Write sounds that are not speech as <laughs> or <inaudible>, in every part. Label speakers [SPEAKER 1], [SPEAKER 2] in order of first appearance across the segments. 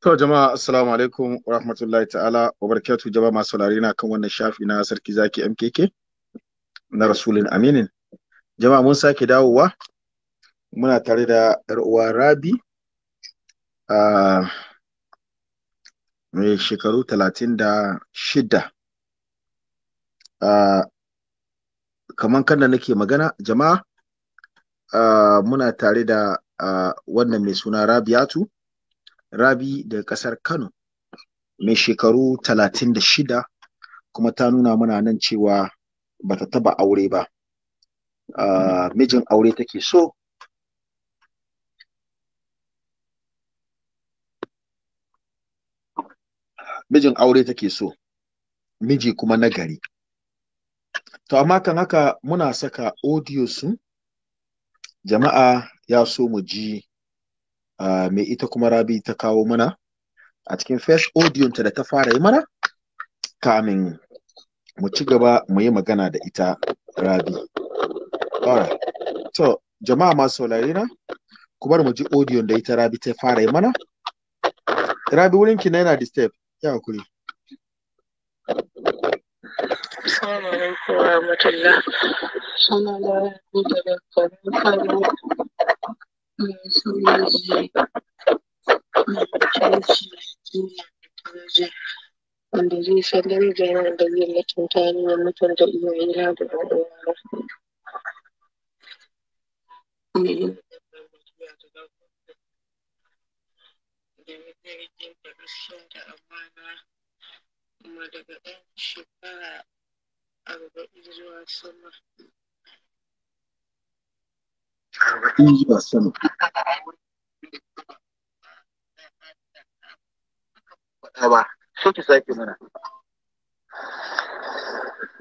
[SPEAKER 1] To jama'a assalamu alaikum wa rahmatullahi ta'ala wa barakatuhu jama'a masu na kan wannan shafi na sarki zaki MKK na rasulin Aminin. Jama'a mun sake dawowa muna tare da yar uwa Rabi a mai shekaru talatin da shida. kamar kaman kan da nake magana jama'a muna tare da wannan mai suna Rabiatu. Rabi daga ƙasar Kano mai shekaru talatin da shida kuma ta nuna mana nan cewa bata taba aure ba mijin aure take so mijin aure take so miji kuma na gari to amma kan haka muna saka audio su jama'a ya so mu ji mai ita kuma rabi ta kawo mana a cikin first audio ta da ta fara yi mana kamin mu ci gaba mu yi magana da ita rabi to jama'a masu saurari na ku bar mu ji audio da ita rabi ta fara yi mana rabi wurin ki na yana step ya hakuri
[SPEAKER 2] Assalamu alaikum wa rahmatullah. Sana da da mythology, mythology Najeriya wanda zai salon yana da zai mutunta ni ya mutunta iyayena da ɗan'uwana. da gaskiya da amana kuma daga ɗan shekara arba'in zuwa sama Iya sana. Yawa, so ki sake mana.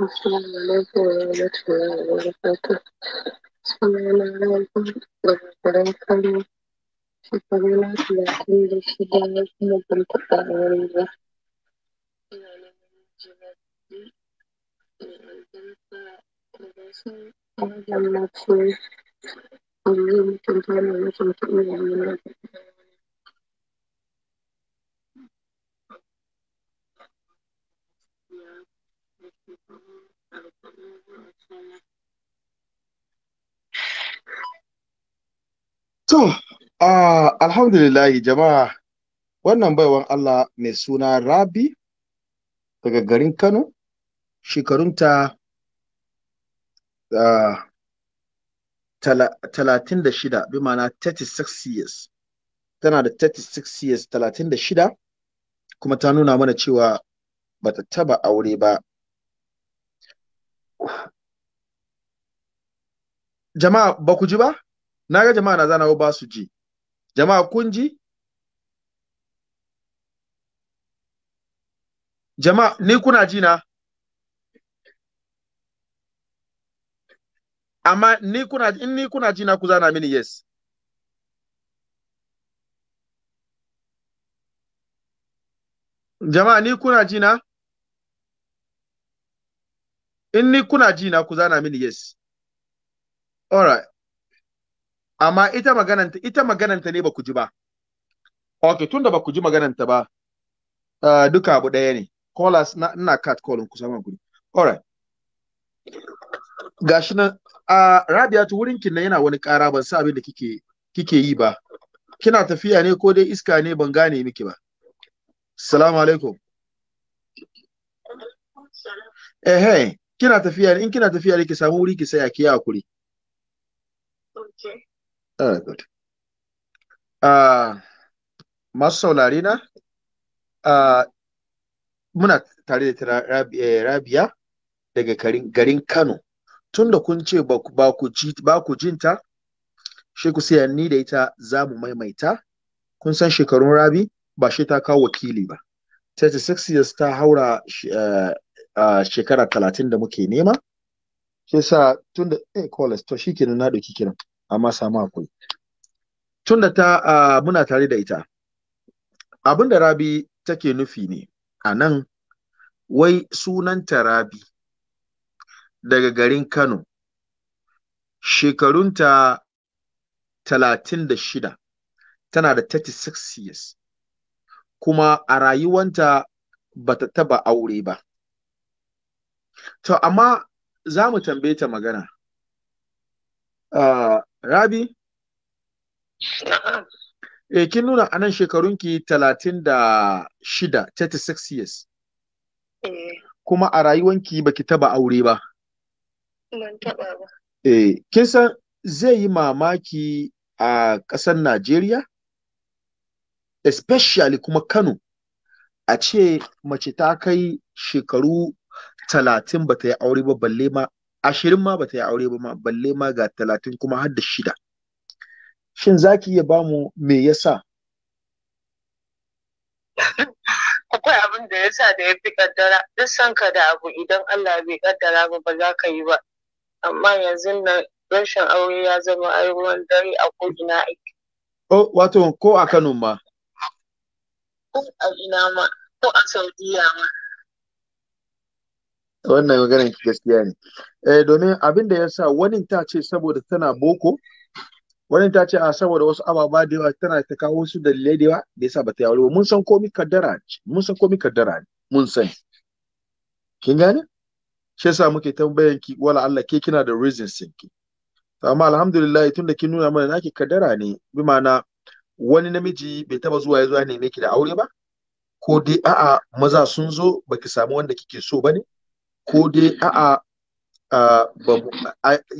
[SPEAKER 2] Assalamu alaikum wa rahmatullahi wa barakatuh. Sunana alaikum da baran kano. Shekaru na talatin da shida na kuma ban taɓa aure ba. Ina neman jira biyu. Ina albarka da wasu wajen mafi Ele
[SPEAKER 1] To, uh, alhamdulillahi jama'a wannan baiwan Allah mai suna Rabi daga garin Kano, shekarunta uh, talatin da shida bi ma'ana 36 years tana da 36 years talatin da shida kuma ta nuna mana cewa bata taba aure ba jama'a ba ku ji ba na ga jama'a na zanawa ba su ji jama'a kun ji jama'a ni kuna ji na amma ni kuna in ni kuna ji na ku zana mini yes jama'a ni kuna ji na in ni kuna ji na ku zana mini yes alright amma ita magananta ita magananta ne ba ku ji ba okay tunda ba ku ji magananta ba uh, duka abu ɗaya ne us na ina cut call ku sama guri alright gashi nan a Rabiatu wurin kin yana wani ƙara ban sa abin da kike kike yi ba. Kina tafiya ne ko dai iska ne ban gane miki ba. Assalamu alaikum. Eh kina tafiya ne in kina tafiya ne ki samu wuri ki saya ki yi kuri. Okay. Ah, good. Ah, masu na ah, muna tare da eh, Rabia daga garin Kano. tun da kun ce ba ku jinta shi ku siya ni da ita za mu maimaita kun san shekarun rabi ba shi ta kawo wakili ba 36 years ta haura eh, eh, shekara 30 da muke nema shi sa tun da eh college to shi kenan na ɗauki kiran amma samu akwai tun da ta muna tare da ita abin da rabi take nufi ne a nan wai sunanta rabi daga garin Kano, shekarunta talatin da shida, tana da 36 years, kuma a rayuwanta ba ta taba aure ba. To, amma za mu tambaye ta magana. Ah, Rabi? Eh kin nuna anan shekarunki talatin da shida, 36 years. Eh. Kuma a rayuwanki baki taɓa aure ba.
[SPEAKER 2] ba.
[SPEAKER 1] Eh, kin san zai yi mamaki a ƙasar Najeriya, especially kuma Kano, a ce mace ta kai shekaru talatin ba ta yi aure ba balle ma ashirin ma ba ta yi aure ba balle ma ga talatin kuma har da shida. Shin za ki iya ba mu me yasa?
[SPEAKER 2] <laughs> Akwai abin da ya sa da ya fi kaddara, duk san ka da abu idan Allah bai kaddara ba ba za ka yi ba. amma yanzu nan rashin aure ya zama ai ruwan dare a ko'ina aiki.
[SPEAKER 1] Oh, wato ko a Kano ma?
[SPEAKER 2] Ko a ina ma, ko a Saudiya ma.
[SPEAKER 1] Wannan maganar gaskiya ne. Eh, domin abin da ya sa wani ta ce saboda tana boko, wani ta ce a ah, saboda wasu ababa da yawa tana ta kawo su da yawa da sa ba ta yawo mun san komi kaddara ne, mun san komi kaddara ne, mun san kin gane shi yasa muke tambayan ki wala Allah ke kina da sin ki amma alhamdulillah tunda kin nuna mana naki kadara ne bi ma'ana wani namiji bai taba zuwa ya zuwa ne ki da aure ba ko dai a'a maza sun zo baki samu wanda kike so bane ko dai a'a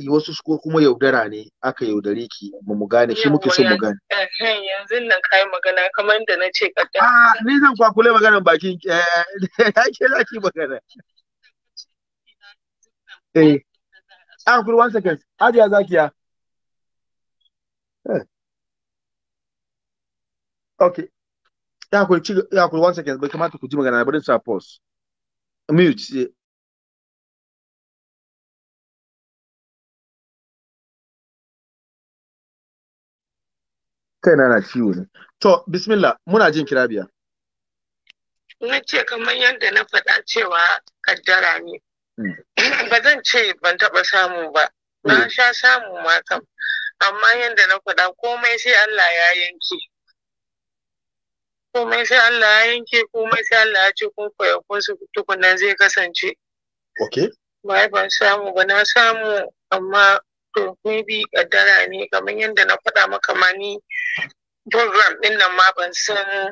[SPEAKER 1] wasu ko kuma yaudara ne aka yaudare ki ba mu gane shi muke so mu gane yanzu eh, nan kai magana kamar da na ce kaddara ah, ni zan kwakule maganan bakin eh, <laughs> ke zaki magana Eh. Ah, one second. Hajiya Zakiya. Eh. Okay. Ya kuri ya kuri one second bai kamata ku ji magana bari sa pause. Mute. Eh. kaina na ciwo ne. To, bismillah, muna jin kira biya.
[SPEAKER 2] Na ce kamar yadda na faɗa cewa kaddara ne. Mm. ba zan ce ban taɓa samu ba na mm. sha samu ma kam amma yadda na faɗa komai sai Allah ya yanke komai sai Allah ya yanke komai sai Allah ya ce kun koya kun su tukunan zai kasance okay ba ban samu ba na samu amma to bi kaddara ne kamar yadda na faɗa maka ma ni program ɗin nan ma ban san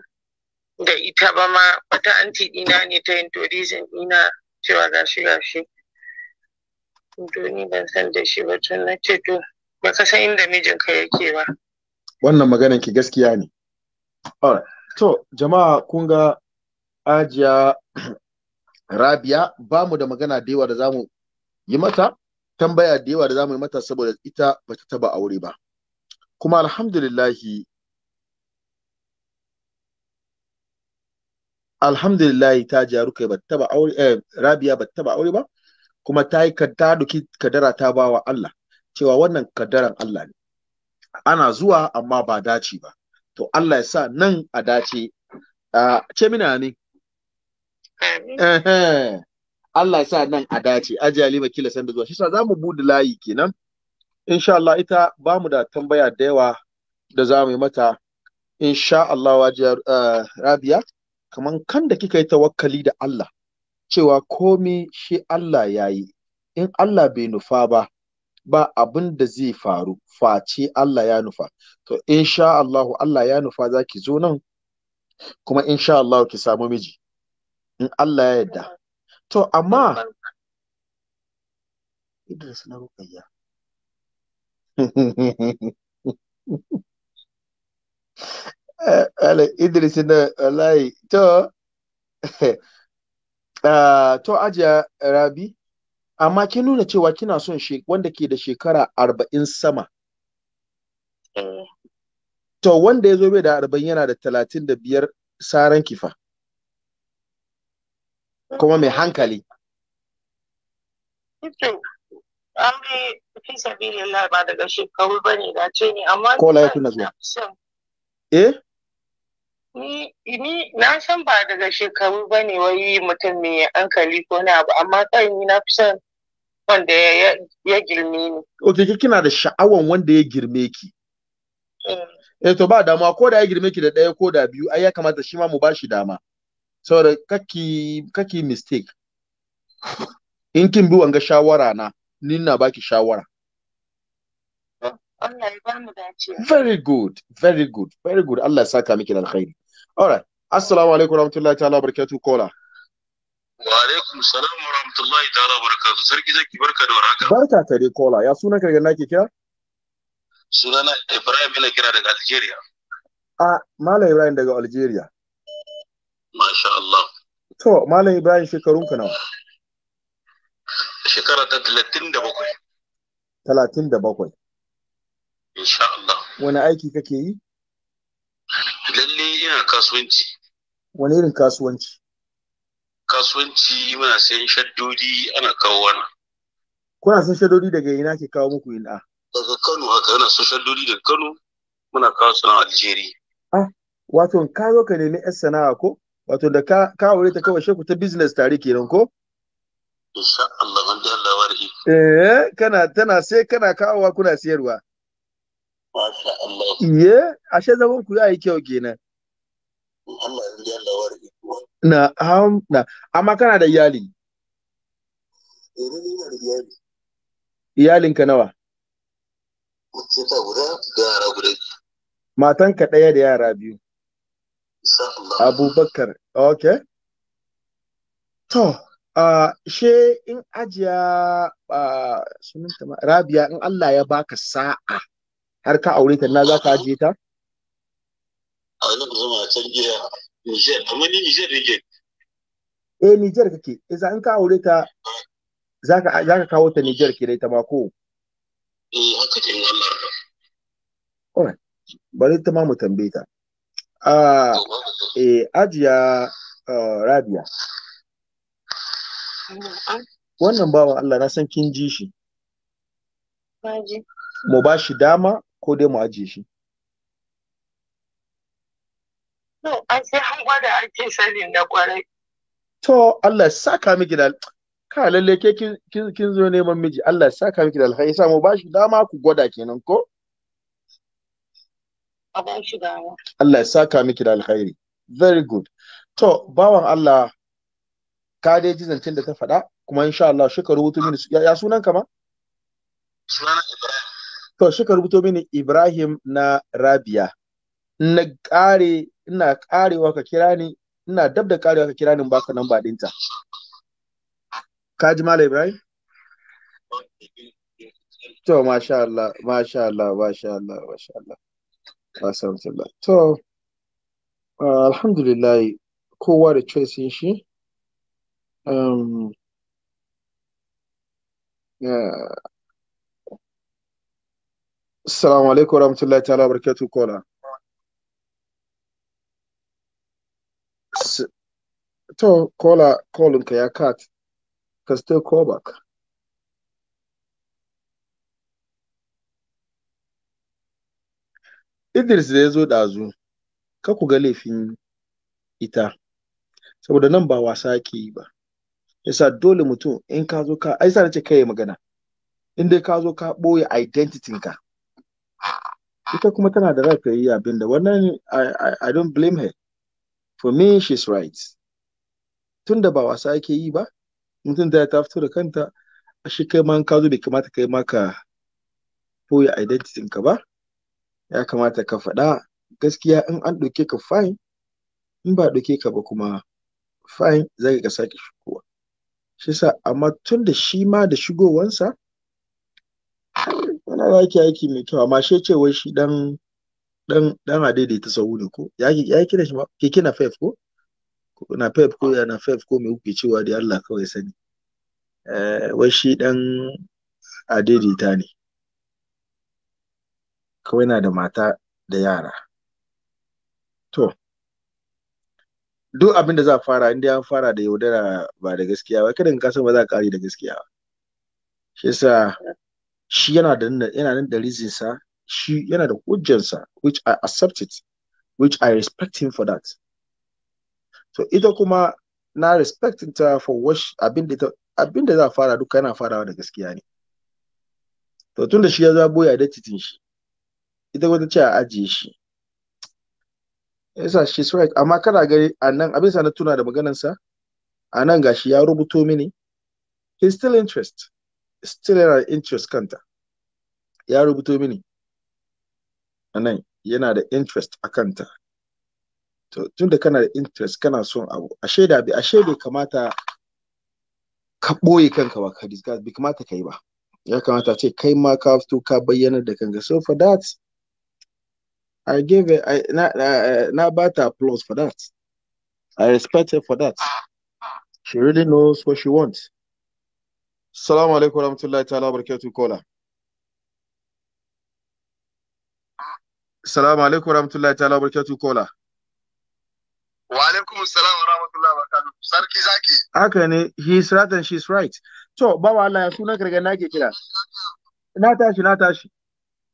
[SPEAKER 2] da ita ba ma wata anti ɗina ne ta yin tourism ɗina cewa gashi gashi shi ban san da shi ba tun na ce to ba ka san inda mijinka yake ba
[SPEAKER 1] wannan maganan ki gaskiya ne to jama'a kun ga ajiya <clears throat> rabia ba mu da magana da yawa da zamu yi mata tambaya da yawa da za mu yi mata saboda ita bata taba aure ba kuma alhamdulillahi alhamdulillahi ta jaru kai ba taba aure eh, Rabia ba taba aure ba kuma ta yi ta duki kadara ta ba wa Allah cewa wannan kadaran Allah ne ana zuwa amma ba dace ba to Allah ya sa nan a dace a ce mina ne Allah ya sa nan a dace ajali kila san da zuwa shi sa zamu bude layi kenan insha Allah ita ba mu da tambaya da yawa da za mu yi mata insha Allah wajen uh, Rabia kaman kan da kika yi tawakkali da Allah cewa komi shi Allah ya yi in Allah bai nufa ba ba abin da zai faru face Allah ya nufa to insha Allah Allah ya nufa za ki zo nan kuma insha Allah ki samu miji in Allah ya yarda to amma
[SPEAKER 2] <laughs>
[SPEAKER 1] Eh, idris na to <laughs> ah, ajiya rabi amma kin nuna cewa kina son wanda ke da shekara arba'in sama eh. to wanda ya zo bai da arba'in yana da talatin da biyar saran kifa kuma mai hankali
[SPEAKER 2] an bi fi sabi ba daga shekaru ba ne ne amma
[SPEAKER 1] ko na zuwa eh
[SPEAKER 2] ni na san ba daga shekaru ba ne wai mutum mai hankali ko na abu amma kai ni na fi son wanda ya girme ni.
[SPEAKER 1] Ok, kina da sha'awan wanda ya girme ki. Eh, eh to ba dama ko da ya girme ki da ɗaya ko da biyu ai ya kamata shi ma mu ba shi dama. Saboda kaki kaki mistake. In kin bi wanga shawara na, ni na baki shawara.
[SPEAKER 2] Allah ya ba mu dace.
[SPEAKER 1] Very good, very good, very good. Allah ya saka miki alkhairi. Alright. Assalamu alaikum warahmatullahi ta'ala barakatuh kola. Wa alaikum
[SPEAKER 2] salam warahmatullahi ta'ala
[SPEAKER 1] barakatuh. Sarki zaki barka da warhaka. Barka ka dai kola. Ya sunan ka na ke kira?
[SPEAKER 2] Sunana Ibrahim ina kira daga Algeria.
[SPEAKER 1] A ah, Malam Ibrahim daga Algeria. Masha Allah. To Malam Ibrahim shekarun ka nawa? Shekara ta 37. 37.
[SPEAKER 2] Insha Allah.
[SPEAKER 1] Wani aiki kake yi?
[SPEAKER 2] ina kasuwanci
[SPEAKER 1] wani irin kasuwanci
[SPEAKER 2] kasuwanci muna sayan shaddodi ana kawo wana
[SPEAKER 1] kuna san shaddodi daga ina ke kawo muku ina ah?
[SPEAKER 2] daga Kano haka yana san shaddodi daga Kano muna kawo su nan Algeria
[SPEAKER 1] ah wato ka zo ka nemi yan sana'a ko wato da ka ka aure ta kawai shekuta ta business tare kenan ko insha Allah man da Allah wari eh kana tana sai kana kawowa kuna siyarwa masha Allah iye ashe zaman ku yayi kyau kenan amma kana da iyali
[SPEAKER 2] eh, ina da iyali
[SPEAKER 1] iyalinka nawa mace
[SPEAKER 2] ta da yara
[SPEAKER 1] ɗaya da yara biyu abubakar okay to a she in ajiya a sunanta rabia in Allah ya baka sa'a har ka aure ta na za ka ajiye ta? a zama
[SPEAKER 2] can jiya Niger amma ni Niger
[SPEAKER 1] eh, eh, ka kawo ta Niger ki eh, dai ta ma bari ta ma mu tambaye ta ah, ajiya ah, Rabia wannan bawan Allah na san kin ji shi mu ba shi dama ko dai mu ajiye shi
[SPEAKER 2] an sai an gwada ake sanin na kwarai.
[SPEAKER 1] To, Allah sa ka miki da ka lalle ke kin zo neman miji Allah sa ka miki da alkhairi sa mu bashi dama ku gwada kenan ko? A bashi dama. Allah sa ka miki da alkhairi. Very good. To, bawan Allah ka dai ji zancen da ta faɗa kuma insha Allah shi ka rubuto mini ya sunan ka ma? Sunan Ibrahim. To, shi ka rubuto mini Ibrahim na Rabia. Na ƙare ina karewa ka kira ni ina dab da karewa ka kira ni baka ba dinta ka ji ibrahim to masha Allah masha Allah masha Allah masha Allah alhamdulillah to uh, alhamdulillah kowa da choice shi um yeah. Uh, Assalamu alaikum warahmatullahi ta'ala barakatuh kola. to kola kolinka ya cut ka still call back Idris da ya zo ɗazu, ka ku ga laifin ita, saboda nan ba wasa ke yi ba. Yasa dole mutum in ka zo ka, ai sa ce kai magana, in dai ka zo ka ɓoye identitin ka. Ita kuma tana da rafi ya yi abinda wannan I don't blame her. For me she's right. tun da ba wasa ake yi ba mutum da ta fito da kanta a shi kai ma ka zo bai kamata kai ma ka identity ka ba ya kamata ka faɗa gaskiya in an ɗauke ka fine in ba ɗauke ka ba kuma fine za ka sake shigowa shi sa amma tun da shi ma da shigowansa yana da yake aiki mai kyau amma shi ce wai shi dan dan dan adaidaita ne ko ya ya kira shi ma keke na fef ko na pep ko yana pep ko mai kuke cewa da Allah kawai sani eh, wai shi dan adedita ne kawai na da mata da yara to duk abin da za a fara inda an fara da yaudara ba da gaskiya ba kada ka san ba za a kare da gaskiya ba shi yasa shi yana da yana nan da reason sa shi yana da hujjansa which I accept it which I respect him for that so ita kuma na respecting ta for wash abin da za a fara duka yana farawa da gaskiya ne to tun da shi ya zabo ya da titin shi ita ta ce a ajiye shi yasa she's right amma kana gari a nan abin sa na tuna da maganansa a nan gashi ya rubuto mini he still interest still yana interest kanta ya rubuto mini a nan yana da interest a kanta tun da kana da interest kana son abu a shaida bai a shaida kamata ka ɓoye kanka ba ka discuss bai kamata ka yi ba ya kamata ce kai ma ka fito ka bayyana da kanka so for that I give it, I, na, na, na bata applause for that. I respect her for that. She really knows what she wants. Assalamu alaikum warahmatullahi ta'ala barakatuh kola. Assalamu alaikum warahmatullahi ta'ala barakatuh kola. Wa alaikum salam wa rahmatullahi wa barakatuh. Sarki zaki. Haka ne, he is right and she is right. To, bawa Allah ya sunan karga na ke kira. Na tashi, na tashi.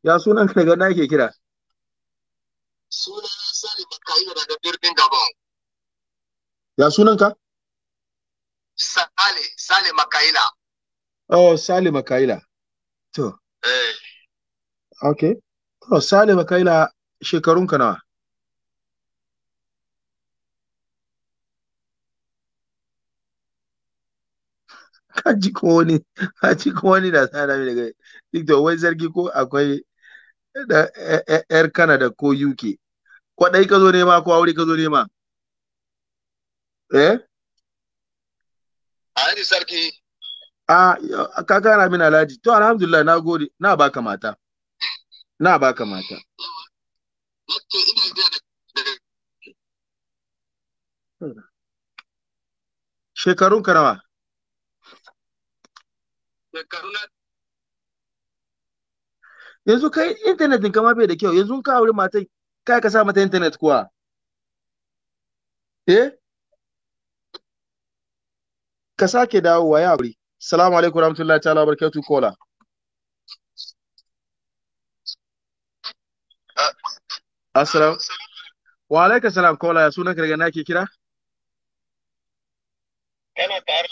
[SPEAKER 1] Ya sunan karga na ke kira.
[SPEAKER 2] Sunan Sani Bakayi daga birnin Gabon. Ya sunan ka? Sale, Sale Makaila.
[SPEAKER 1] Oh, Sale Makaila. To. Eh. Okay. To, Sale Makaila shekarunka nawa? ka ji ko wani ka ji ko wani na sa rami daga tiktok wai sarki ko akwai eh, eh, yar canada ko uk kwadai ka zo nema ko aure ka zo nema eh alhaji sarki a ka kara min alhaji to alhamdulillah na gode na baka mata na baka mata shekarun karawa yanzu kai intanet din kama bai da kyau yanzu ka aure mata kai ka sa mata intanet kuwa eh ka sake dawo, ya aure salamu alaikum rahmatullahi ta'ala barakatu kola assalamu wa alaikum salam kola ya sunan ka daga ke kira yana tare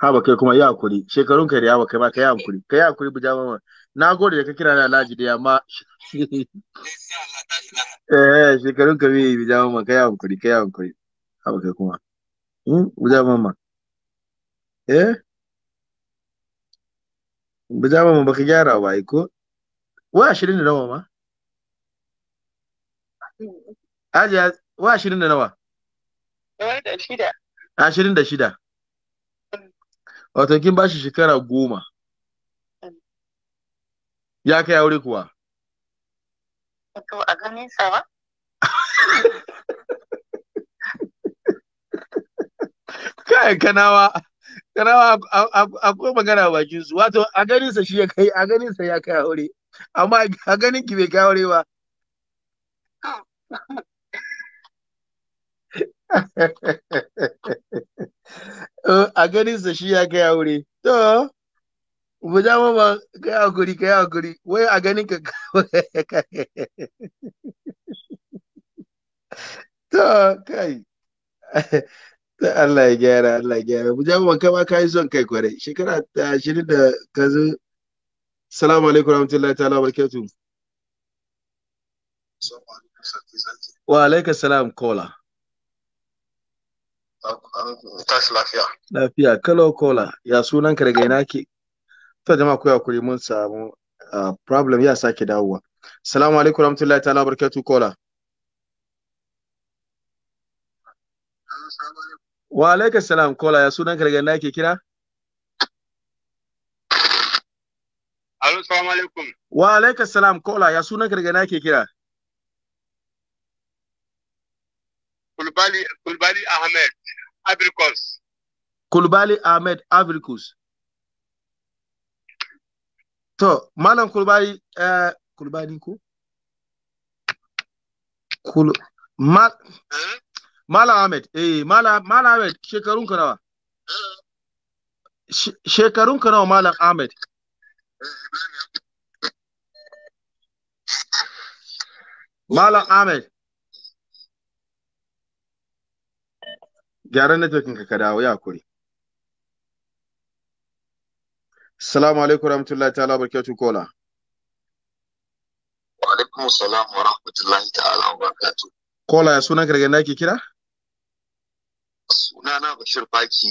[SPEAKER 1] haba kai kuma yi hakuri shekarun kai da yawa kai ma yi hakuri yi hakuri bu jama'a na gode da ka kira na alhaji da yamma <laughs> eh shekarun ka bi bu jama'a yi hakuri yi hakuri haba kai kuma hmm bu jama'a eh bu jama'a ka gyara ba ko wa ashirin da nawa ma Ajiya wa ashirin da nawa?
[SPEAKER 2] Ashirin da shida.
[SPEAKER 1] Ashirin da shida. wato kin bashi shekara goma ya kai aure kuwa
[SPEAKER 2] to a ganin sa ba
[SPEAKER 1] kai kanawa kanawa akwai magana bakin su wato a ganin sa shi ya kai a ganin sa ya kai aure amma a ganin ki bai kai aure ba
[SPEAKER 2] <laughs>
[SPEAKER 1] Eh, a ganin sa shi ya kai aure to mu ja mama kai hakuri kai hakuri wai a ganin ka <laughs> to kai Allah ya gyara Allah ya gyara mu ja mama kai ma kai son kai kwarai shekara ta shirin da ka zo salamu alaikum warahmatullahi ta'ala barakatuh wa alaikum salam kola tashi lafiya. Lafiya, kalo kola, ya sunan ka daga ina Ta jama'a ku mun samu problem ya sake dawowa. Salamu alaikum warahmatullahi ta'ala barkatu kola. Wa alaikum salam kola, ya sunan ka daga ina ke kira?
[SPEAKER 2] Alo, salamu alaikum.
[SPEAKER 1] Wa alaikum salam kola, ya sunan ka daga ina ke kira? Kulbali, Kulbali Ahmed, Abricus. Kulbali Ahmed Abricus. To, Malam uh, Mal, hmm? Ahmed, eh, Ahmed, shekarun ka nawa? Eh? Shekarun ka nawa Malam Ahmed? Eh, Malam Ahmed. gyara networking ka dawo ya kuri Assalamu alaikum warahmatullahi ta'ala barakatuh kola
[SPEAKER 2] Wa alaikum salam wa rahmatullahi ta'ala wa barakatuh
[SPEAKER 1] Kola ya sunan gargaɗin da ke kira? na Bashir Faki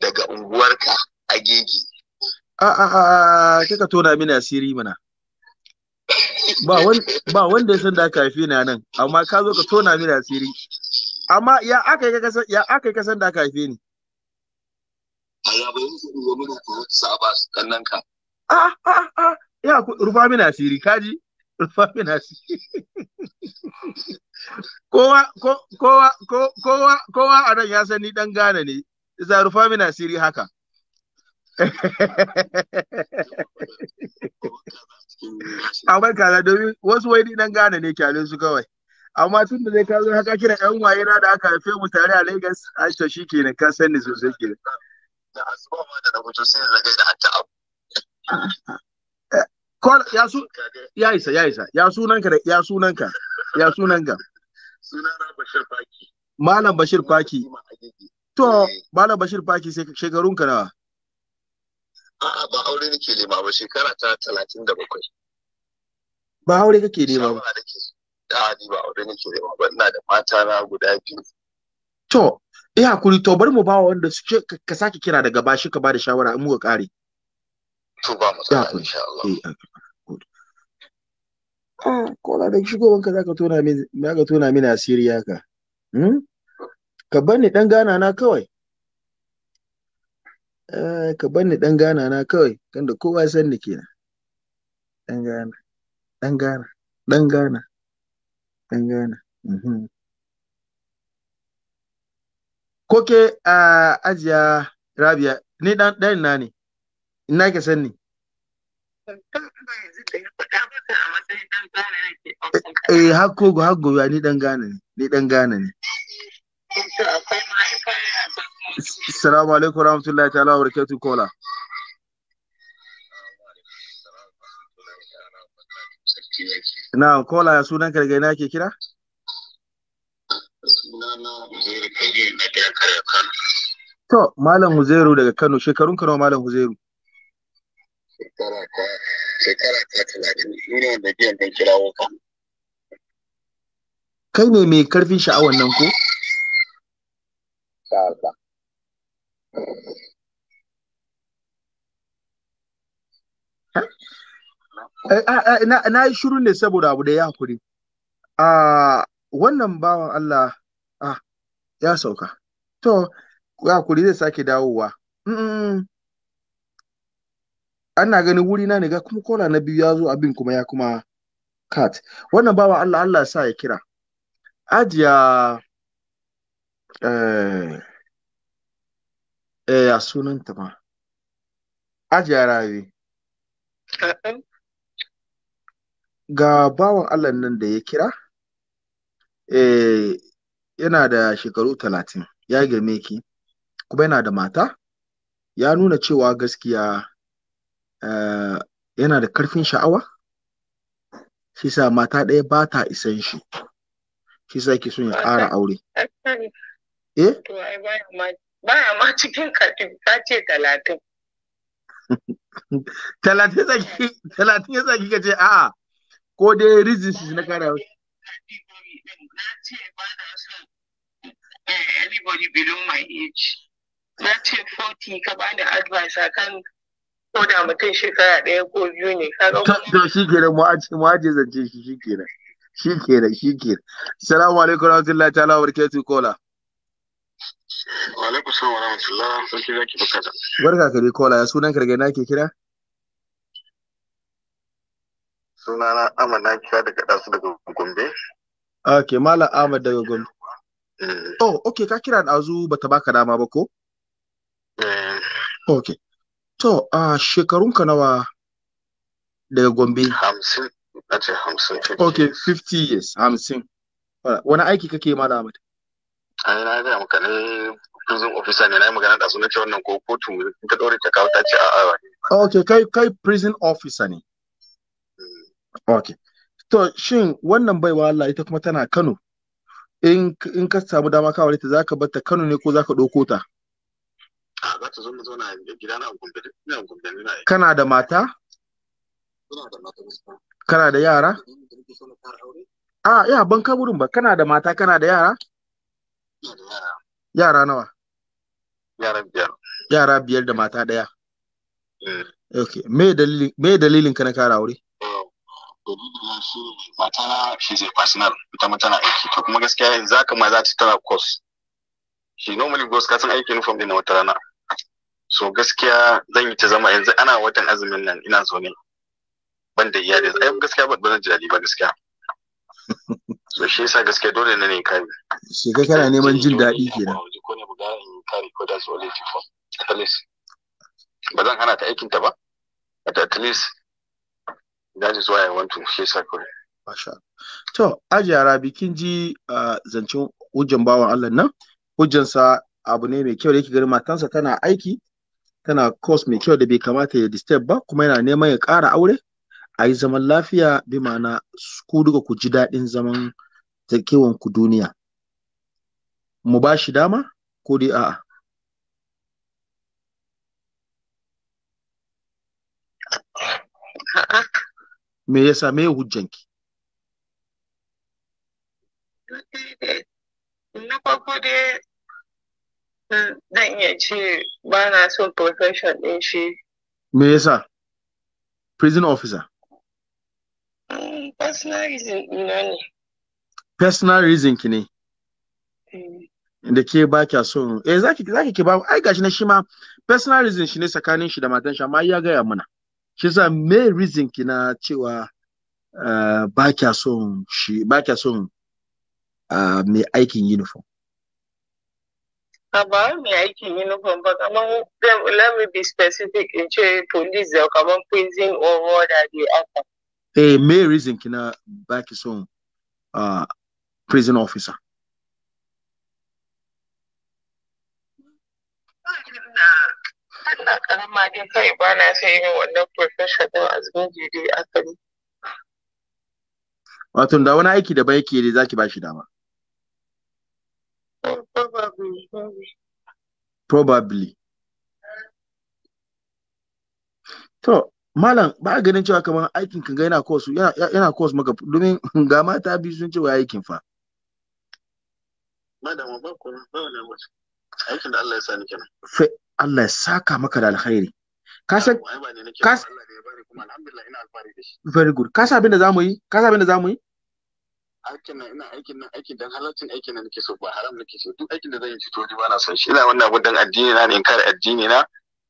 [SPEAKER 1] daga unguwarka a Gegi. A a a kika tona mini asiri mana. Ba wanda ya san da aka haife ni nan, amma ka zo ka tona mini asiri. Amma ya aka yi kasan ya aka yi kasan da aka haife ni.
[SPEAKER 2] Aya ba yin kuɗi wani da kuma saba su kannan ka.
[SPEAKER 1] Ah ah ah ya rufa min asiri kaji rufa min asiri. kowa kowa kowa kowa a nan ya sani dan Ghana ne. Za rufa min asiri haka. <laughs> A kaza domin wasu wai dan Ghana ne kyalin su kawai. amma tun da zai kazo haka kira yan waye na da aka haife mu tare a Lagos a ke ne ka sani sosai ke da asuba ma da rubutu sai da gaida hatta abu kol ya su ya isa ya isa ya sunanka da ya sunanka ya sunanka
[SPEAKER 2] sunana Bashir Faki
[SPEAKER 1] Malam Bashir Faki to eh. Malam Bashir Faki sai ka nawa
[SPEAKER 2] A'a ba aure nake nema ba shekara ta talatin da bakwai.
[SPEAKER 1] Ba aure kake nema ba.
[SPEAKER 2] a ni ba aure nake da ba ina da mata na guda biyu
[SPEAKER 1] to eh hakuri to bari mu ba wa wanda suke ka sake kira daga ba shi ka ba da shawara in muka kare to ba mu matsala
[SPEAKER 2] insha Allah eh,
[SPEAKER 1] ah ko kola da shugaban ka zaka tona mini zaka tona mini asiri haka hmm? ka bani dan gana na kawai eh ka bar ni dan gana na kawai tunda kowa san ni kenan dan gana dan gana dan gana an gane mhm. koke a ajiya rabia ni dan dan na ne ina ke san ni eh har kogo har gobe ni dan gane ne ni dan gane ne Assalamu alaikum warahmatullahi ta'ala wa barakatuh kola Yes. na kola ya sunan karge na ke kira?
[SPEAKER 2] na Kano.
[SPEAKER 1] To, Malam Huzairu daga Kano, shekarun Kano Malam Huzairu.
[SPEAKER 2] Shekara ta, ta talatin, shi wanda jiyan kan kira wuka.
[SPEAKER 1] Kai ne mai karfin sha'awan nan ko? Sa'ala. Huh? Eh, ah, ah, na yi shiru ne saboda abu da ya hakuri a ah, wannan bawan Allah ah ya sauka to ya hakuri zai sake dawowa ana ganin wuri na ne ga kuma kola na biyu ya zo abin kuma ya kuma kat wannan bawan Allah Allah sa ya kira ajiya eh eh ya sunanta ma ajiya rayu ga bawan Allah nan da ya kira eh yana da shekaru talatin ya girme ki kuma yana da mata ya nuna cewa gaskiya uh, yana da karfin sha'awa shi sa mata ɗaya ba ta isan shi shi sa yake son ya ƙara aure eh
[SPEAKER 2] baya ma cikin karfin ta ce talatin
[SPEAKER 1] <laughs> talatin ya sa kika ce a'a ko dai reasons na kara haushi na ce ba
[SPEAKER 2] na son eh, anybody below my age na ce 40 ka bani advice kan ko da mutum shekara ɗaya ko biyu ne kaga
[SPEAKER 1] to shi kenan mu aje mu zance shi shi kenan shi kenan shi kenan assalamu alaikum warahmatullahi ta'ala barakatuh kola wa alaikum
[SPEAKER 2] assalam warahmatullahi sarki
[SPEAKER 1] zaki barka ka kare kola ya sunan karge na ke kira
[SPEAKER 2] sunana na kira daga ɗasu daga gombe
[SPEAKER 1] ok malam ahmad daga gombe oh ok ka kira ɗazu ba ta baka dama ba ko eh. ok to a shekarunka nawa daga gombe hamsin a ce hamsin ok 50 years hamsin wani aiki kake malam ahmad ai na ga maka ne prison officer
[SPEAKER 2] ne na yi magana da su na ce wannan ko kotu ta ɗaure ta kawo ta ce a'a
[SPEAKER 1] ok kai kai prison officer ne Okay. To shin wannan baiwa Allah ita kuma tana Kano in in ka samu dama ka aure ta zaka bar ta Kano ne ko zaka ɗauko ta?
[SPEAKER 2] A za ta zo mu zauna a gida na gombe ina gombe ne
[SPEAKER 1] Kana da mata?
[SPEAKER 2] Ina da mata
[SPEAKER 1] Kana da yara? A ya ban ka wurin ba kana da mata kana da yara? da yara. Yara nawa? Yara biyar. Yara biyar da mata ɗaya. Eh. Okay. Me dalilin me dalilin ka na kara aure? dalilina shi ne matana shi zai personal ita ma tana aiki to kuma gaskiya yanzu haka ma za ta tana course shi normally goes kasan aiki uniform din wata rana so gaskiya zan yi ta zama yanzu ana watan azumin nan ina zaune
[SPEAKER 2] ban da iyali ai gaskiya ba zan ji daɗi ba gaskiya so
[SPEAKER 1] shi yasa gaskiya dole ne ne kare shi ga kana neman jin daɗi kenan ko ne buga in kare ko da su ole ba zan hana ta aikin ta ba at
[SPEAKER 2] least that is why I want to shi sa kawai
[SPEAKER 1] masha to ajiyara bikin ji uh, zancen hujjan bawan Allah nan hujjansa abu ne mai kyau da yake ganin matansa tana aiki tana course mai kyau da bai kamata ya disturb ba kuma yana neman ya ƙara aure a yi zaman lafiya bi ma'ana ku duka ku ji daɗin zaman zakewan ku duniya mu ba shi dama ko dai a'a a'a me yasa me hujjanki
[SPEAKER 2] na farko dai eh, zan iya ce ba na son profession ɗin shi
[SPEAKER 1] me yasa prison officer
[SPEAKER 2] mm, personal reason ina ne
[SPEAKER 1] personal reason ki ne mm. da ke ba kya so eh zaki zaki ki ba ai gashi na shi ma personal reason shi ne tsakanin shi da matan shi amma ya gaya mana shi sa me reason ki na cewa uh, ba kya son shi ba kya son uh, ah, mai aikin uniform
[SPEAKER 2] Aba mai aikin uniform ba kaman let me be specific in ce police da kaman prison
[SPEAKER 1] or warder di aka. Eh me reason kina ba ki son uh, prison officer?
[SPEAKER 2] ina karama dai kai ba na sai yin wannan profession din asibiti dai asali
[SPEAKER 1] wato da wani aiki da bai yake dai zaki ba shi dama
[SPEAKER 2] oh, probably
[SPEAKER 1] probably to malam ba a ganin cewa kamar aikin kan ga yana course yana course maka domin <laughs> ga mata biyu sun ce wa aikin fa
[SPEAKER 2] madam ba ku ba wani aikin da Allah ya sa ni
[SPEAKER 1] kenan Allah ya saka maka da alkhairi ka san ka very good ka san abin da zamu yi ka san abin da zamu yi
[SPEAKER 2] aikin nan ina aikin nan aikin dan halaccin aikin nan nake so ba haram nake so duk aikin da zan yi fito
[SPEAKER 1] ba na son shi ina wannan abu dan addini na ne in kare addini na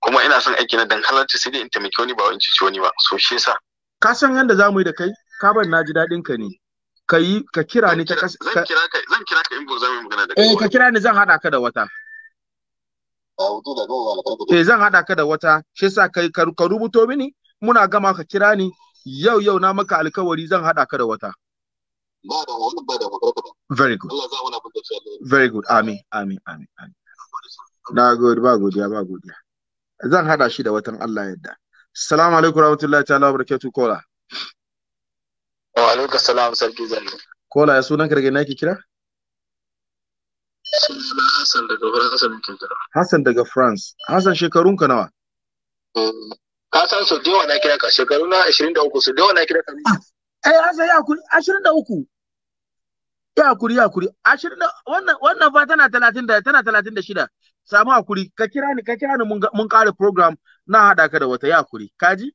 [SPEAKER 1] kuma ina son aikin nan dan halaccin sai dai in taimake wani ba in cici wani ba so shi yasa ka san yanda zamu yi da kai ka bar naji dadin ka ne ka yi ka kira ni ta kasa. zan kira ka zan kira ka in ba zamu yi magana da kai eh ka kira ni zan hada ka da wata Eh zan haɗa ka da wata, shi sa kai ka rubuto mini, muna gama ka kira ni, yau yau na maka alkawari zan haɗa ka da wata. Ba da wani ba da Very good. Very good. Ami, ami, ami, amin. Na gode, ba godiya, ba godiya. Zan haɗa shi da watan Allah yadda. Salamu alaikum rahmatullahi ta'ala wa barakatuh kola.
[SPEAKER 2] Wa alaikum salam sarki zalli.
[SPEAKER 1] Kola ya sunan ka daga ina kira?
[SPEAKER 2] Hassan daga Faransa kira.
[SPEAKER 1] Hassan daga France. Hassan shekarun ka nawa? Eh, ka san su dewa na kira ka shekaru na 23 su dewa na kira ka. Ah, eh Hassan ya kuri 23. Ya kuri ya kuri. 20 wannan wannan fa tana 30 da tana 36. Samu hakuri ka kira ni ka kira ni mun kare program na hada ka da wata ya kuri. Kaji?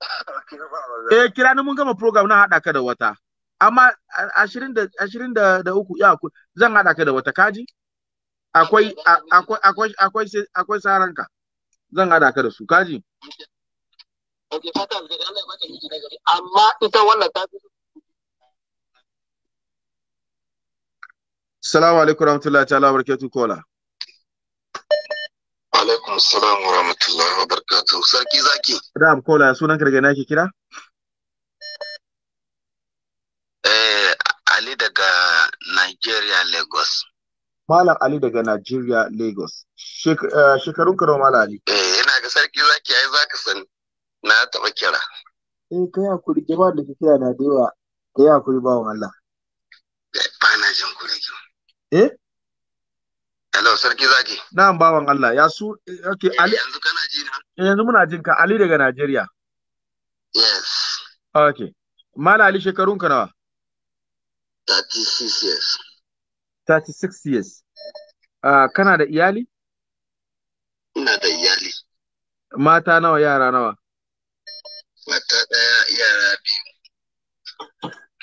[SPEAKER 1] <laughs> Eh kira ni mun gama program na hada ka da wata. amma ashirin da ashirin da da uku ya ku zan hada ka da wata kaji akwai akwai akwai akwai akwai saranka zan hada ka da su kaji amma ita wannan ta fi Assalamu alaikum warahmatullahi ta'ala barakatu kola
[SPEAKER 2] alaikum salam wa rahmatullahi wa barakatu. sarki zaki
[SPEAKER 1] da kola sunan karga na ke kira Nigeria Lagos. Malam Ali daga Nigeria Lagos. Eh, shekarun karo Malam Ali. Eh yana ga sarki zaki ai zaka sani. Na taɓa kira. Eh kai hakuri jama'a da kira na da yawa. Kai hakuri ba wa Allah. Eh, ba na jin ki. Eh? Hello sarki zaki. Na'am bawan Allah ya su okay eh, Ali yanzu kana ji na? Yanzu muna jin ka Ali daga Najeriya. Yes. Okay. Malam Ali shekarun ka nawa? 36 years. 36 years. Uh, kana da iyali?
[SPEAKER 2] Ina da iyali.
[SPEAKER 1] Mata nawa yara nawa?
[SPEAKER 2] Mata ɗaya yara biyu.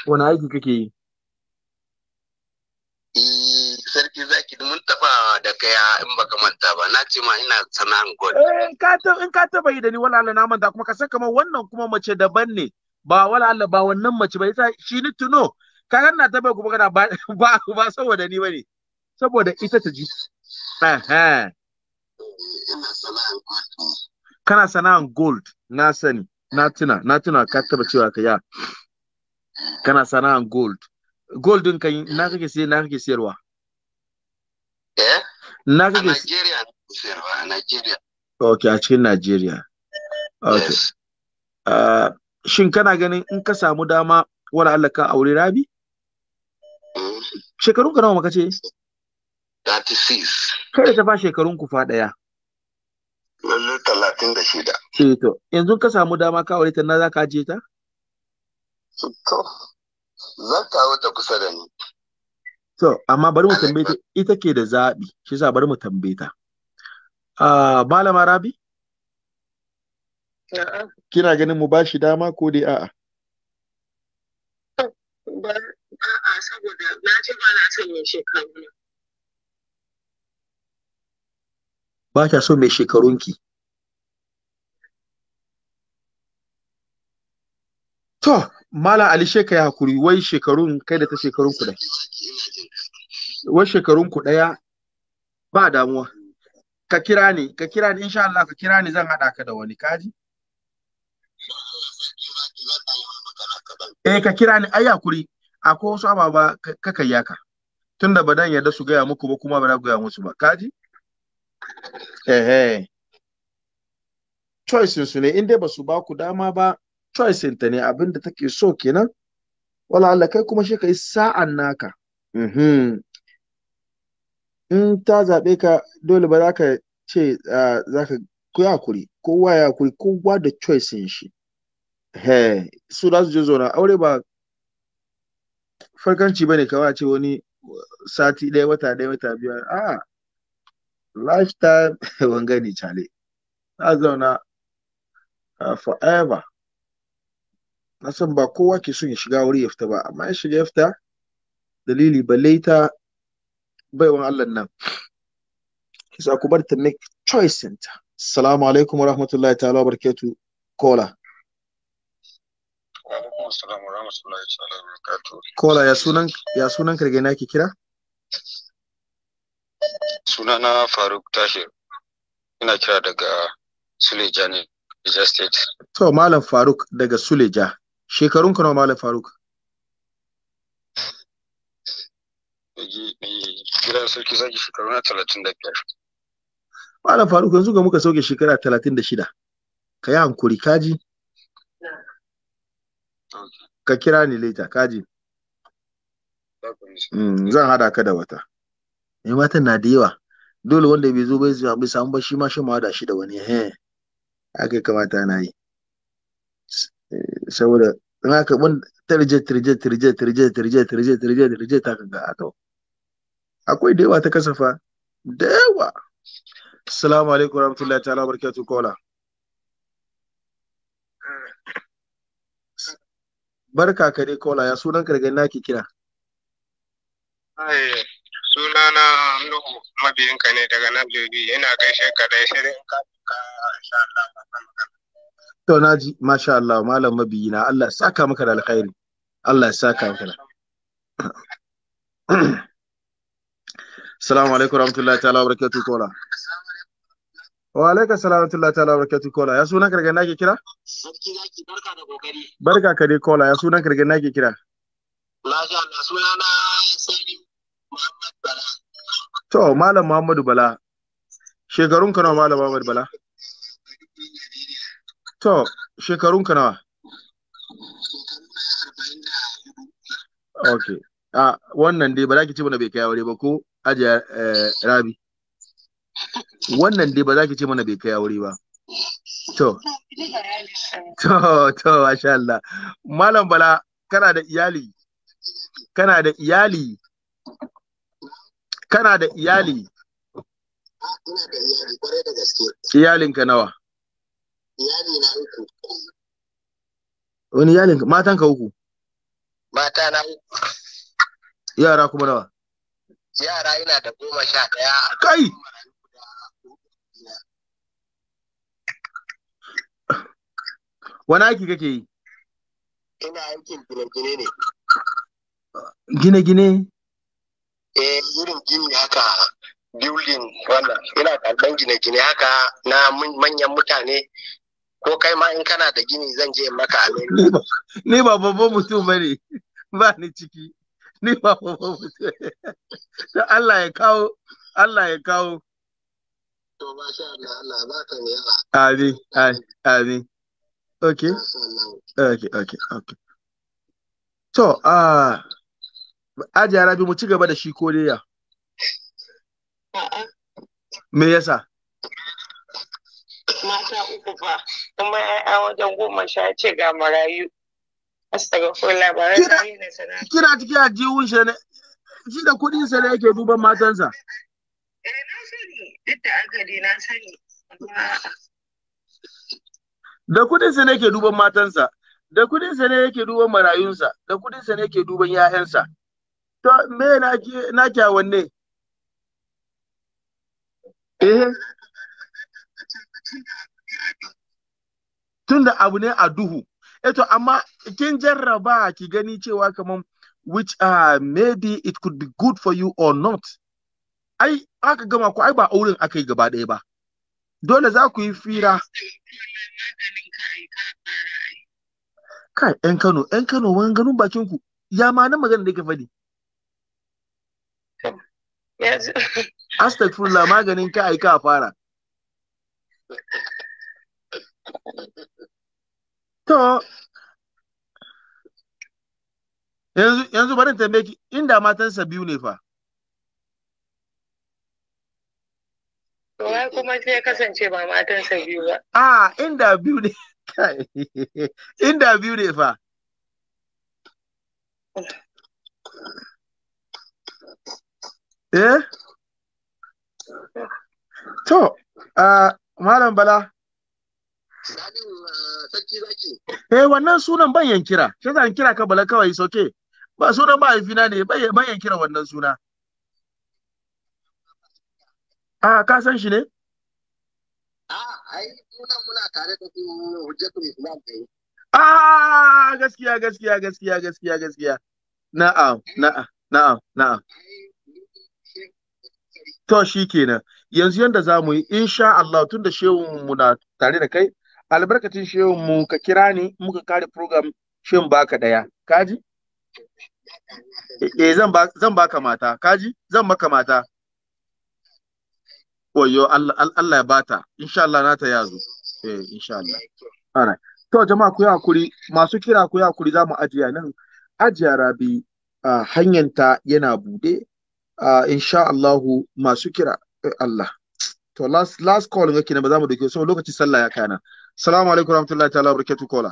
[SPEAKER 1] Wani aiki kake yi?
[SPEAKER 2] Eh, sarki zaki mun taba da kaya
[SPEAKER 1] in baka manta ba na ce ma ina sana'an gold. Eh in ka taba yi da ni wala Allah na manta kuma ka san kamar wannan kuma mace daban ne ba wala Allah ba wannan mace ba ita shi ni tuno kaga na ta bai kuma kana ba ba saboda ni bane saboda ita ta ji kana sana'an gold na sani na tuna na tuna ka taba cewa ka ya kana sana'an gold gold din kai na kake sai na kake sayarwa eh na kake Nigeria sayarwa a Nigeria okay a cikin Nigeria okay yes. uh, shin kana ganin in ka samu dama wala Allah ka aure rabi shekarun ka nawa maka ce 36 kada ta ba shekarun ku fa daya
[SPEAKER 2] lalle 36
[SPEAKER 1] eh to yanzu ka samu dama ka aure ta na za ka je ta to zan kawo ta kusa da ni to amma bari mu tambaye ta ita ke da zabi shi yasa bari mu tambaye ta Ah, Malama Rabi? Kina ganin mu ba shi dama ko dai a'a?
[SPEAKER 2] a'a saboda na ce ba na son mai shekaru
[SPEAKER 1] ba ta so mai shekarunki to mala ali sheka ya hakuri wai shekarun kai da ta shekarun ku ɗaya wai shekarun ku ɗaya ba damuwa ka kira ni ka kira ni insha Allah ka kira ni zan haɗa ka da wani kaji eh ka kira ni ai hakuri akwai wasu ababa kaka yaka tunda ba dan yadda su gaya muku ba kuma ba na gaya musu ba kaji ehe choice su ne in dai ba su ba ku dama ba choice ta ne abin da take so kenan wala Allah kai kuma shi kai sa'an naka mhm in ta zabe ka dole ba za ka ce za ka ku ya kuri kowa ya kuri kowa da choice shi he su za su je zauna aure ba farkanci bane kawai ce wani uh, sati ɗaya wata ɗaya wata biyu a lifetime <laughs> wanga ne chale na zauna uh, forever na san ba kowa ke son ya shiga wuri ya fita ba amma ya shiga ya fita dalili balle ta baiwan Allah nan kisa ku bar ta make choice center assalamu alaikum warahmatullahi ta'ala barakatuh kola
[SPEAKER 2] wa
[SPEAKER 1] Kola ya sunan ya sunan kirge na ki kira?
[SPEAKER 2] Sunana Faruk Tahir. Ina kira daga Suleja ne, Ija State.
[SPEAKER 1] To Malam Faruk daga Suleja. Shekarun ka nawa Malam Faruk?
[SPEAKER 2] Gidan sarki zaki shekaru na talatin da biyar.
[SPEAKER 1] Malam Faruk yanzu ga muka sauke shekara talatin da shida. Ka yi hankuri kaji ka kira ni later kaji mm, zan hada ka da wata eh matan na da yawa dole wanda bai zo bai zuwa bai samu ba shi ma shi ma da shi da wani eh Aka kamata na yi saboda in haka mun tarje tarje tarje tarje tarje tarje tarje tarje ta kaga a to akwai da yawa ta kasafa da yawa assalamu alaikum warahmatullahi ta'ala barakatuh kola barka ka dai kola ya sunan ka daga naki kira ai suna na
[SPEAKER 2] nuhu ka ne daga nan lodi ina gaishe ka dai shirin ka insha
[SPEAKER 1] Allah to ji masha Allah malam mabiyina Allah saka maka da alkhairi Allah saka maka da <clears throat> Assalamu alaikum warahmatullahi ta'ala wabarakatuh kola Wa alaika salamatullahi ta'ala barakatuh kola. Ya sunan kargan nake kira? Sarki zaki barka da kokari. Barka ka dai kola. Ya sunan kargan nake kira?
[SPEAKER 2] Lafiya na suna na Sani
[SPEAKER 1] Muhammad Bala. To Malam Muhammadu Bala. Shekarun ka nawa Malam Muhammadu Bala? To shekarun ka nawa? Okay. Ah, wannan dai ba za ki ci mana bai kai aure ba ko ajiya eh, rabi. wannan dai ba za ki ce mana bai kai aure ba to to to masha Allah malam bala kana da iyali kana da iyali kana da iyali iyalinka nawa iyali na uku wani iyalinka matanka uku mata na uku yara kuma nawa
[SPEAKER 2] yara ina da goma sha ɗaya kai
[SPEAKER 1] wani aiki kake yi ina aikin gine-gine ne gine-gine eh irin gini haka building wannan
[SPEAKER 2] ina karɓar gine-gine haka na manyan mutane ko kai ma in kana da gini zan je maka alayi
[SPEAKER 1] ni ba babban mutum ba ne <laughs> ba ni ciki ni ba babban mutum <laughs> da Allah ya kawo Allah ya kawo
[SPEAKER 2] to ba sha Allah Allah za ka ne yawa
[SPEAKER 1] amin amin Okay. Okay, okay, okay. To, so, ah, uh, Ajiya Rabi mu ci gaba da shi ko dai A'a. Me yasa? Mata uku fa, kuma ya wajen
[SPEAKER 2] goma sha ce ga marayu. Astagfirullah, ba rai ne sana.
[SPEAKER 1] Kira ciki a jiwun shi ne, shi da kudin sa ne yake duban matansa. Eh,
[SPEAKER 2] na sani, duk da aka na sani.
[SPEAKER 1] da sa ne yake duban matansa da sa ne yake duban marayunsa da sa ne yake duban 'ya'yansa to me na na wanne? eh tunda abu ne a duhu eto eh amma kin jarraba ki gani cewa kaman which uh, maybe it could be good for you or not ai aka gama ko ai ba auren aka yi gaba ɗaya ba dole za ku yi fira. Kai, ‘yan Kano, ‘yan Kano, wani ganin bakinku. ya ma na magana da ke faɗi. Astagfirullah maganin ka aika a fara. To, yanzu barin tambaye ki, inda matansa biyu ne fa.
[SPEAKER 2] Wai kuma sai ya kasance ba matansa biyu ba.
[SPEAKER 1] A inda biyu ne. Inda biyu ne fa. Eh? To, Malam Bala. Eh wannan sunan ban yan kira. Shi zan kira ka Bala kawai soke. Ba sunan ba ne ban yan kira wannan suna. a ah, ka san shi ne a ah, ai muna tare da su hujjatul islam ne a ah, gaskiya gaskiya gaskiya gaskiya gaskiya na'am eh? na'am na'am na'am to shi kenan yanzu yanda za mu yi insha Allah tun da mu na tare da kai albarkacin mu ka kira ni muka kare program shin baka daya kaji eh, eh zan ba zan baka mata kaji zan maka mata koyo Allah Allah ya bata. Insha Allah na ta yazo. Eh insha Allah. Alright. To jama'a ku ya hakuri, masu kira ku ya hakuri za mu ajiya nan. Ajiya Rabi hanyanta yana bude. insha Allah masu kira eh, Allah. To last last call ne kina ba za mu dake so lokaci sallah ya kana. Assalamu alaikum warahmatullahi ta'ala barakatuh kola.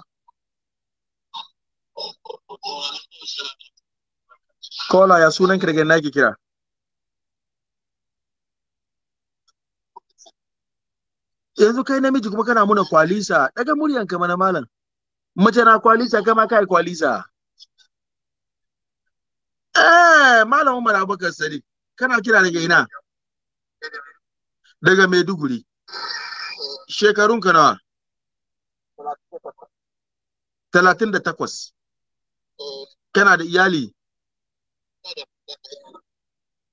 [SPEAKER 1] Kola ya sunan ki daga kira? yanzu kai namiji kuma kana muna kwalisa daga muryan ka mana malam mace na kwalisa kama kai kwalisa eh malam Umar Abubakar Sadiq kana kira daga ina daga Maiduguri shekarun ka nawa 38 kana da iyali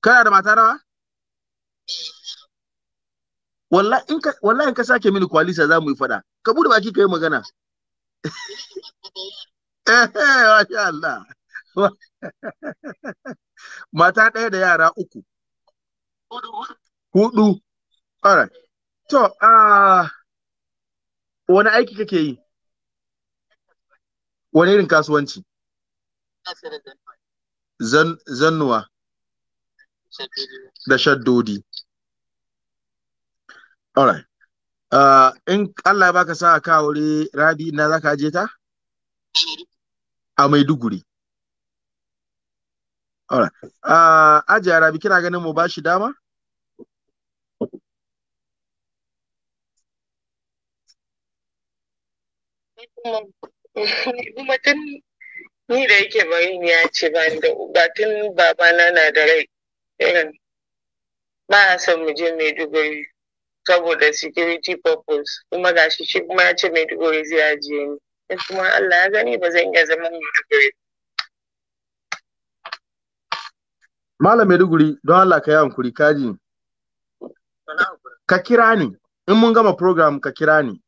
[SPEAKER 1] kana da mata nawa wallahi in ka sake mini kwalisa za mu yi fada ka bude baki kai magana eh, Allah mata ɗaya da yara uku hudu to wani aiki kake yi wani irin kasuwanci zannuwa da shaddodi all uh, in Allah ya baka sa ka wuri rabi na zaka aje ta a Maiduguri duguri. Alright. uh, aje rabi kina ganin mu bashi dama
[SPEAKER 2] kuma tun ni da yake bari ya ce ba da tun babana na da rai irin ba a san mu je Maiduguri saboda security purpose kuma gashi shi kuma ya ce maiduguri zai ajiye ni in kuma allah ya gani ba zan iya zama maiduguri
[SPEAKER 1] malam maiduguri don allah ka yi hankuri kaji ka kira ni in mun gama program ka kira ni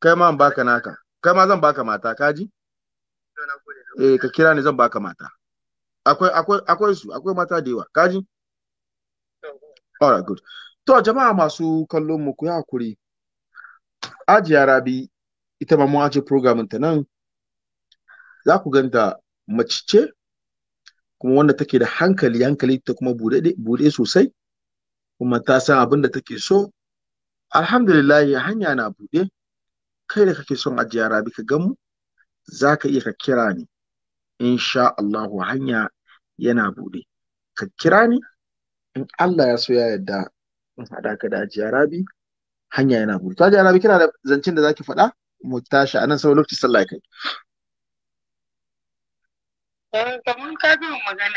[SPEAKER 1] kai ma baka naka kai ma zan baka mata kaji eh ka kira ni zan baka mata akwai akwai akwai su akwai mata da yawa kaji all right good To jama'a masu kallon mu ku yi hakuri. Ajiya Rabi ita ma mun aje program ta nan. Za ku ganta mace ce kuma wanda take da hankali hankali ta kuma bude sosai kuma ta san abin da take so. Alhamdulillah hanya na buɗe. Kai da kake son ajiya Rabi ka gan mu za ka iya ka kira ni. Insha Allahu hanya yana buɗe. Ka kira ni in Allah ya so ya yarda in haɗa ka da ajiya rabi hanya yana buru to ajiya rabi kina da zancen da zaki faɗa mu tashi nan sau lokaci sallah kai
[SPEAKER 2] eh, kamar ka magana